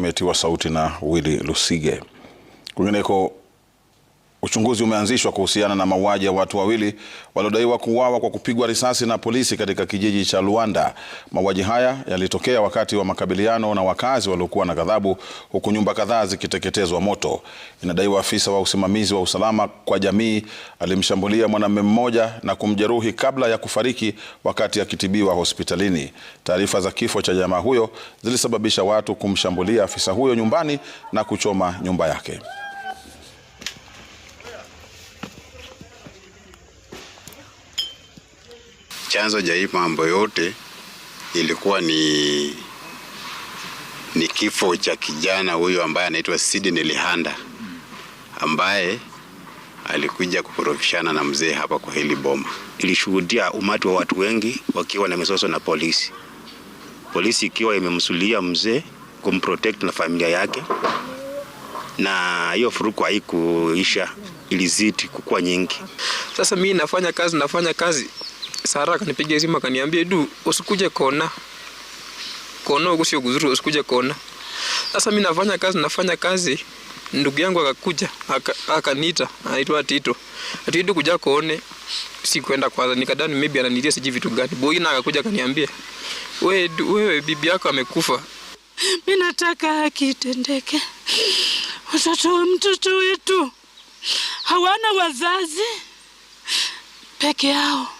Metiwa sauti na Willy Lusige. Kwingineko, Uchunguzi umeanzishwa kuhusiana na mauaji ya watu wawili waliodaiwa kuuawa kwa kupigwa risasi na polisi katika kijiji cha Luanda. Mauaji haya yalitokea wakati wa makabiliano na wakazi waliokuwa na ghadhabu, huku nyumba kadhaa zikiteketezwa moto. Inadaiwa afisa wa usimamizi wa usalama kwa jamii alimshambulia mwanamume mmoja na kumjeruhi kabla ya kufariki wakati akitibiwa hospitalini. Taarifa za kifo cha jamaa huyo zilisababisha watu kumshambulia afisa huyo nyumbani na kuchoma nyumba yake. chanzo cha hii mambo yote ilikuwa ni, ni kifo cha kijana huyu ambaye anaitwa Sidney Lihanda ambaye alikuja kukorofishana na mzee hapa kwa hili boma. Ilishuhudia umati wa watu wengi wakiwa na misoso na polisi, polisi ikiwa imemsulia mzee kumprotect na familia yake, na hiyo furuku haikuisha, ilizidi kukua nyingi. Sasa mimi nafanya kazi nafanya kazi Sara akanipigia simu akaniambia, du, usikuje kona kona, huko sio kuzuri, usikuje kona. Sasa mimi nafanya kazi nafanya kazi, ndugu yangu akakuja akaniita, anaitwa Tito, atidi kuja koone. Sikuenda kwanza, nikadani maybe ananilia siji vitu gani. Boy na akakuja akaniambia, wewe wewe, bibi yako amekufa. Mimi nataka haki itendeke. Watoto mtoto wetu hawana wazazi peke yao